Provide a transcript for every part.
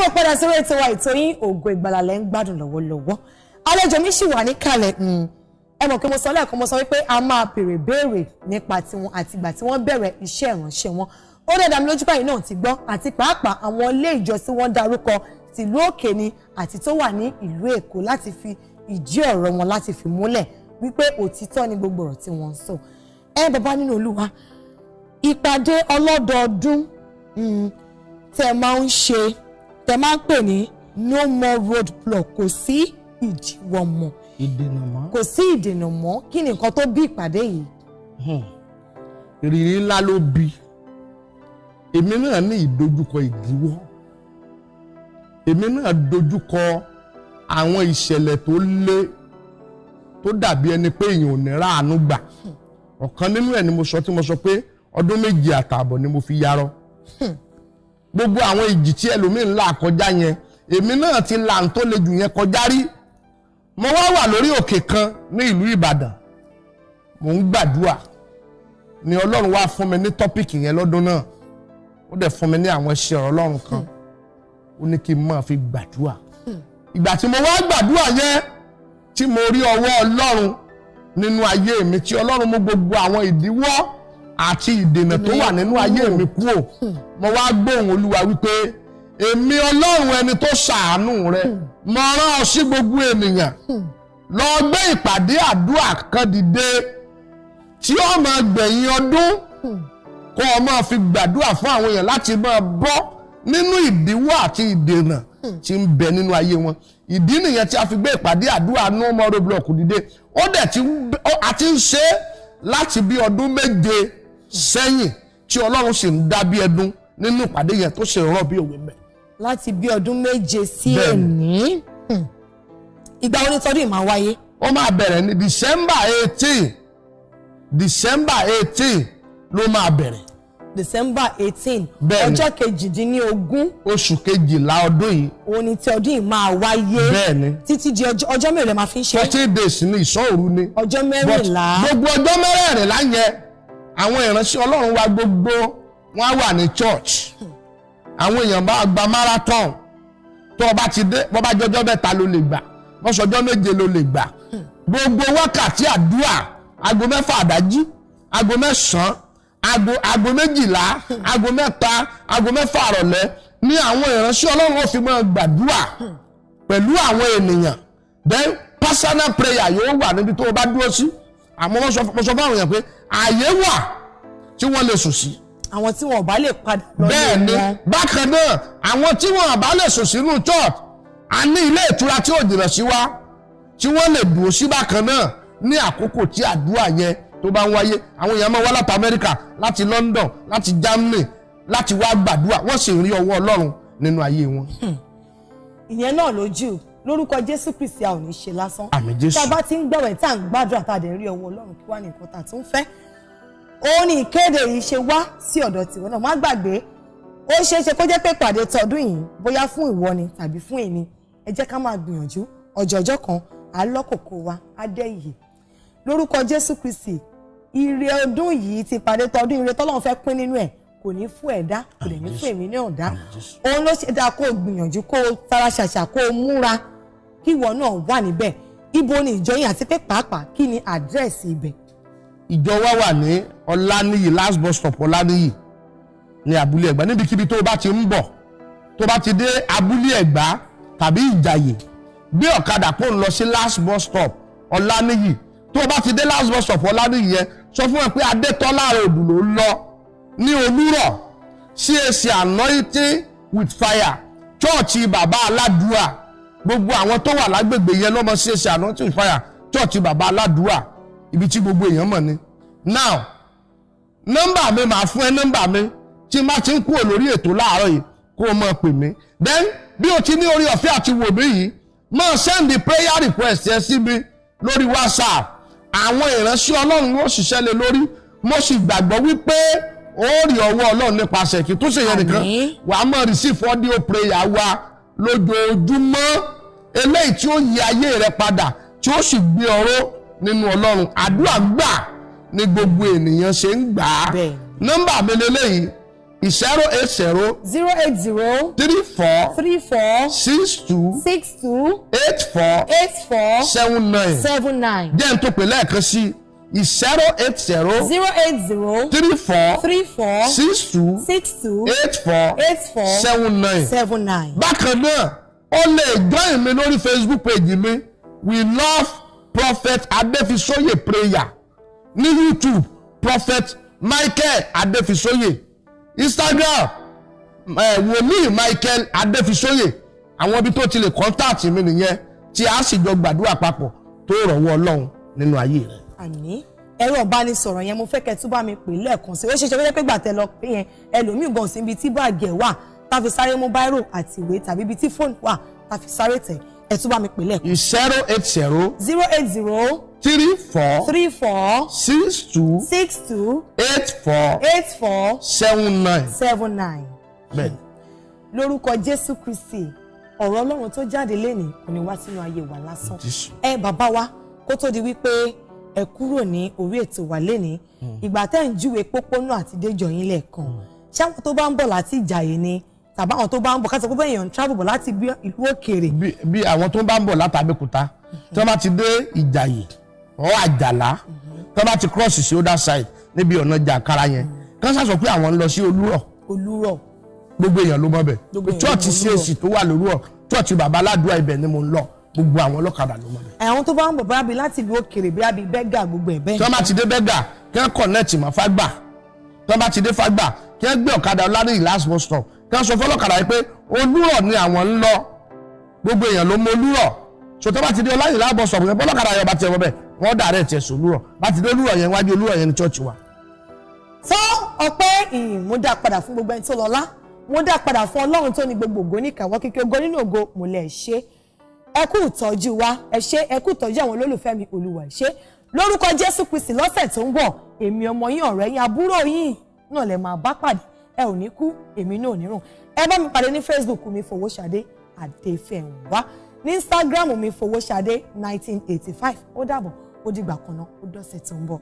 káàbọ̀ padà sórí ètò wa ètò yín ògo ìgbàlà lẹ́ ń gbádùn lọ́wọ́lọ́wọ́ àlejò mi sì wà níkàlẹ̀ mm. ẹ mọ̀ pé mo sọ lẹ́ẹ̀kan mo sọ wípé a máa bèrè béèrè nípa tiwọn àti ìgbà tí wọ́n bẹ̀rẹ̀ iṣẹ́ ìránṣẹ́ wọn ó dẹ̀ dá mi lójú báyìí náà ti gbọ́ àti pàápàá àwọn ilé ìjọ tí darúkọ tìlú òkè ni àti tó wà ní ìlú Èkó láti fi ìjí ọ̀rọ̀ wọn láti fi múlẹ̀ wípé òtítọ́ ni gbogbo ọ̀rọ̀ tí wọ́n ń sọ ẹ bàbá nínú Olúwa ìpàdé ọlọ́dọọdún mm, tẹ máa ń ṣe tẹ máa ń pè ní no more road block kò sí ìdíwọ́ mọ́ ìdènà mọ́ kò sí ìdènà mọ́ kí ni nǹkan tó bí ìpàdé yìí. Hmm. ìrírí ńlá ló bí èmi náà ní ìdojúkọ ìdíwọ́ èmi náà dojúkọ àwọn ìṣẹ̀lẹ̀ tó lé tó dàbí ẹni pé èèyàn ò ní ráàánú gbà hmm. ọ̀kan nínú ẹ̀ ni mo sọ tí mo sọ pé ọdún méje àtààbọ̀ ni mo fi yarọ. Hmm gbogbo àwọn ìjì tí ẹlòmíì ń là kọjá yẹn èmi náà ti là ń tó le jù yẹn kọjá rí mo wá wà lórí òkè kan ní ìlú Ìbàdàn mò ń gbàdúrà ni Ọlọ́run wá fún mi ní tọ́pìkì yẹn lọ́dún náà ó dẹ̀ fún mi ní àwọn iṣẹ́ ọ̀rọ̀ Ọlọ́run kan ó ní kí n máa fi gbàdúrà ìgbà tí mo wá gbàdúrà yẹn tí mo rí ọwọ́ Ọlọ́run nínú ayé mi tí Ọlọ́run mú gbogbo àwọn ìdíwọ́ àti ìdènà tó wà nínú ayé mi kúrò hmm. mo wá gbóhùn olúwa wípé èmi ọlọ́run ẹni tó ṣàánú rẹ hmm. mo rán ọ sí gbogbo ènìyàn hmm. lọ gbé ìpàdé àdúrà kan dìde tí ó máa gbẹ̀yìn ọdún kó o máa fi gbàdúrà fún àwọn èèyàn láti máa bọ́ nínú ìdíwọ́ àti ìdènà tí ń bẹ nínú ayé wọn ìdí nìyẹn tí a fi gbé ìpàdé àdúrà no more roadblock dìde ó dẹ̀ ti ń ṣe láti bí ọdún méje sẹ́yìn tí ọlọ́run sì ń dá bí ẹdún nínú ìpàdé yẹn tó sì rọ̀ bí òwe mẹ́. láti bí ọdún méje sí ẹ̀ní hmm. ìgbà wo ni ìmọ̀ wáyé. ó máa bẹ̀rẹ̀ ní december eighteen december eighteen ló máa bẹ̀rẹ̀. december eighteen ọjọ́ kejìdínlógún. oṣù kejìlá ọdún yìí. òun ni tí ọdún yìí máa wáyé. bẹ́ẹ̀ni títí di ọjọ́ mélòó lè máa fi ń ṣe. fourteen days ni ìṣọ́ òru ni. ọjọ́ mẹ́rìnlá. gbogbo ọjọ́ mẹ́rẹ̀ẹ̀rìnlá yẹn àwọn ìránṣẹ́ ọlọ́run wa gbogbo wọ́n á wà ní church àwọn èèyàn bá gba marathon tó o bá ti dé bó bá jọjọ́ mẹ́ta ló lè gbà bó sọjọ́ méje ló lè gbà gbogbo wákàtí àdúrà aago mẹ́fà àdájí aago mẹ́sàn-án aago méjìlá aago mẹ́ta aago mẹ́fà àrọ̀lẹ́ ní àwọn ìránṣẹ́ ọlọ́run ò fi máa gbàdúrà pẹ̀lú àwọn ènìyàn then personal prayer yóò wà níbi tó o bá dúró sí. Si àmọ́ mo sọ fáwọn èèyàn pé ààyè wà tí wọ́n lè sùn sí. àwọn tí wọn ò bá lè padà lọ ní wọn. bẹ́ẹ̀ni bákan náà àwọn tí wọn ò bá lè sùn sínú church a ní ilé ìtura tí ò jìnnà sí wa tí wọ́n lè dùn sí bákan náà ní àkókò tí àdúrà yẹn tó bá ń wáyé àwọn èèyàn máa wá láti Amẹ́ríkà láti London láti Germany láti wá gbàdúrà wọ́n sì rí ọwọ́ Ọlọ́run nínú ayé wọn. Hmm. ìyẹn náà lójú lórúkọ jésù kristi a ò ní ṣe lásán àmín jésù tá a bá ti ń gbàwẹ̀ tá à ń gbàdúrà tá a dẹ̀ rí ọwọ́ ọlọ́run kí wá ní nǹkan tá a tún fẹ́ òun ni ìkéde yìí ṣe wá sí ọ̀dọ̀ tìwọ náà má gbàgbé ó ṣeé ṣe kó jẹ́ pé pàdé tọdún yìí bóyá fún ìwọ ni tàbí fún èmi ẹ jẹ́ ká máa gbìyànjú ọ̀jọ̀jọ́ kan àlọ́kòkò wa á dẹ́ ìyè lórúkọ jésù kristi ire ọdún yìí ti pàdé tọdún ire tọ́lọ́run fẹ́ pín nínú ẹ̀ kò ní fún ẹ̀dá kò dẹ̀ ní fún èmi náà dá òun ló ṣe dáa kó o gbìyànjú kó o faraṣàṣà kó o múra kí ìwọ náà wà níbẹ̀ ibo ni ìjọ àti pé pàápàá kí ni àdírẹ́sì ibẹ̀. ìjọ wa wà ní ọláníyì last bus stop ọláníyì ní abúlé ẹ̀gbá níbikíbi tó o bá ti ń bọ̀ tó o bá ti dé abúlé ẹ̀gbá tàbí ìjàyè gbé ọ̀kadà kó o lọ sí last bus stop ọláníyì tó o bá ti dé last bus stop ọláníyì yẹn sọ fún ẹ pé adétọ́lá rẹ̀ òdùn ló ń lọ ní òwúrọ̀ CAC anointing with fire chọ́ọ̀chì bàbá aládùúà gbogbo àwọn tó wà lágbègbè yẹn lọ́mọ CAC anointing with fire chọ́ọ̀chì bàbá aládùúà ibi tí gbogbo èèyàn mọ̀ ni now nọ́mbà mi màá fún ẹ nọ́mbà mi tí n bá ti ń kúrò lórí ètò láàárọ̀ yìí kó o máa pè mí then bí o ti ní orí ọ̀fẹ́ àti wò mí yìí máa send prayer request ẹ sí mi lórí WhatsApp àwọn ìránṣẹ́ Ọlọ́run ló ṣiṣẹ́ lé lórí mo sì gbàgbọ́ wípé ó rí ọwọ́ ọlọ́run nípasẹ̀ kí tó ṣe yẹn nìkan wà á mọ̀ receive audio prayer wa lójoojúmọ́ eléyìí tí ó yí ayé rẹ padà tí ó sì gbé ọ̀rọ̀ nínú ọlọ́run àdúrà gbà ni gbogbo ènìyàn ṣe ń gbà á nọ́mbà mi lélẹ́yìí zero eight zero. eight zero. three four. three four. six two. six two. eight four. eight four. seven nine. seven nine. jẹ́ n tó pè lẹ́ẹ̀kan sí zero eight zero. zero eight zero. three four. three four. six two. six two. eight four. eight four. seven nine. seven nine. bákan náà ó lè join mi lórí facebook page mi we love prophet adefisoye prayer ní youtube prophet michael adefisoye instagram eh, wòlíì michael adefisoye àwọn ibi tó ti lè contact mi nìyẹn tí a sì jọ gbàdúrà papọ̀ tó rọ̀wọ́ ọlọ́run nínú ayé rẹ̀ àní ẹ̀rọ ìbánisọ̀rọ̀ yẹn mo fẹ́ kẹ́ tún bá mi pè lẹ́ẹ̀kan sí i ó ṣeé ṣe wípé pé gbàtẹ́ lọ pé yẹn ẹlòmíì gan síbi tí báàgì ẹ̀ wà tá sáré mú àti ìwé tàbí ibi tí fóònù wà tá sáré tẹ̀ ẹ̀ tún bá mi pè lẹ́ẹ̀kan. zero eight zero. zero eight zero. three four. three four. six two. six two. eight four. eight four. seven nine. seven nine. bẹ́ẹ̀ni. lórúkọ Jésù Kristi ọ̀rọ̀ Ọlọ́run tó jáde lénìí kò ní wá sínú ayé wa lásán ẹ bàbá wa kó tó di wípé ẹ kúrò ní orí ètò wa lénìí hmm. ìgbà tẹ́ ń júwe pópónà àti déjọ yín lẹ́ẹ̀kan hmm. ṣé àwọn tó bá ń bọ̀ láti Ìjàyè ni tàbí àwọn tó bá ń bọ̀ káṣọ pé èèyàn ń travel bọ̀ láti ìlú òkèèrè. bí àwọn tó bá ń bọ̀ láti Abẹ́òkúta hmm. tí wọ́n bá ti dé Ìjàyè ọ̀ Àjàlá tí wọ́n bá ti cross sí other side níbi ọ̀nà Jàkárà yẹn kán sàṣọ pé àwọn ń lọ sí Olúrọ̀. gbogbo èèyàn ló mọ̀ bẹ́ẹ̀ chọ́ọ̀tì CAC tó wà lórúọ̀ chọ́ọ̀tì Bàbá Aládùúrà ibẹ̀ ni mo ń lọ gbogbo àwọn ọlọ́kadà ló mọ̀ bẹ́ẹ̀. àwọn tó bá ń bọ̀ bá láti ìlú òkèrè bí abi bẹ́gà gbogbo ẹ̀ bẹ́ẹ̀. tí wọ́n bá ti dé bẹ́gà kí wọ́n kọ̀nẹ́ẹ̀tì mọ́ fágbà tí wọ́n bá ti dé fágbà kí wọ́n gbé ọ̀kadà ọ̀làdìyí last bus stop kí wọ́n sọ fọ́lọ́kadà yìí pé olúrọ̀ ni àwọn ń lọ gbogbo èèyàn ló mọ olúrọ̀ so tó bá ti dé ọ̀làdìyí last bus stop yẹn fọ́lọ́kadà yẹn bá ti ẹ̀ wọ́n bẹ̀ wọ́n dàrẹ́ tiẹ̀ yẹn ẹ kú ìtọ́jú wa ẹ ṣé ẹ kú ìtọ́jú àwọn olólùfẹ́ mi olùwà ẹ ṣé lórúkọ Jésù Kristi lọ́sẹ̀ tó ń bọ̀ èmi ọmọ yín ọ̀rẹ́ yín àbúrò yín náà lè máa bá pàdé ẹ ò ní kú èmi náà ò ní rùn ẹ bá mi pàdé ní Facebook mi Fowóṣadé Adéfẹ́nwá ní Instagram mi Fowóṣadé 1985 ó dàbọ̀ ó dìgbà kan náà ó dọ̀sẹ̀ tó ń bọ̀.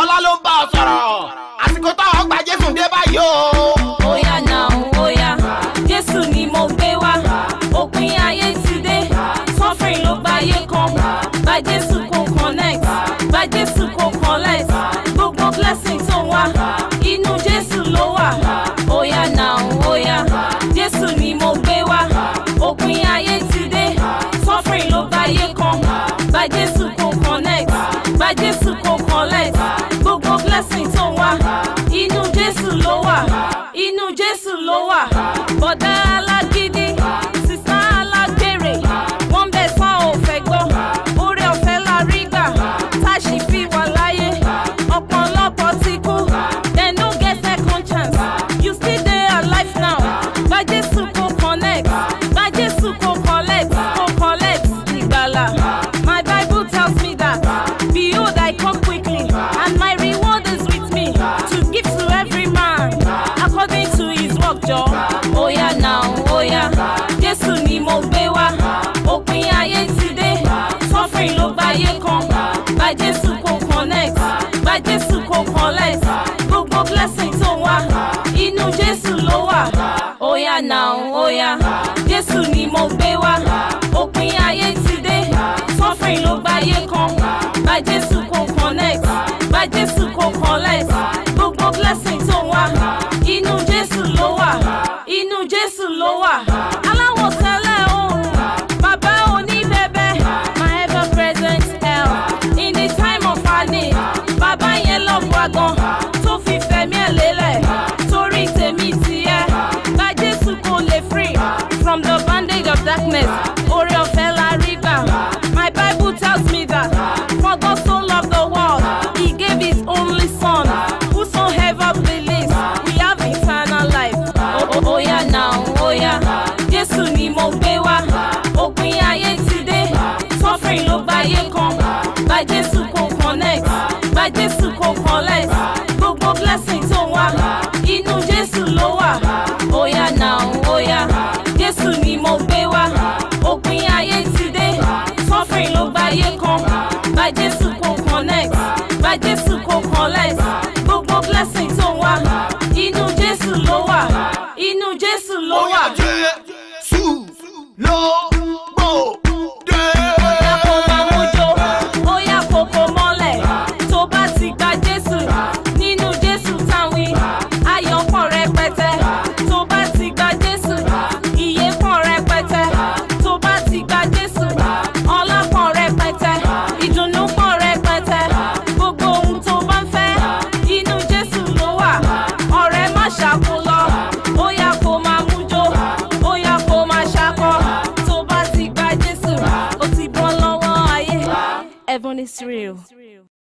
ọlá ló ń bá ọ sọ̀rọ̀ àsìkò táwọn gba jésù dé báyìí o. ó yá náà jésù ni mo gbé wá òpin ayé ti dé suffering ló gba ayé kan gba jésù kò connect gba jésù kò collect gbogbo blessing tó wá inú jésù ló wà ó yá náà ó jésù ni mo gbé wá òpin ayé ti dé suffering ló gba ayé kan gba jésù kò connect gba jésù kò collect. wà inú Jésù ló wà bọ́dá. now ó yá Jésù ni mo gbé wá òpin ayé ti dé suffering ló gbáyé kan bá Jésù. sickness oore ọ̀fẹ́ la rí my bible tells me that for God so loved the world he gave his only son whosoever believes we have eternal life. Oh yeah now oh yeah. Jesus ni mo gbé wá òpin ayé ti dé suffering ló gba ayé kan gba Jésù kò connect gba Jésù kò collect gbogbo blessing tó wà. Jésù kò kàn láìsí gbogbo blessing tó wà inú Jésù ló wà inú Jésù ló wà. Jésù ló wà.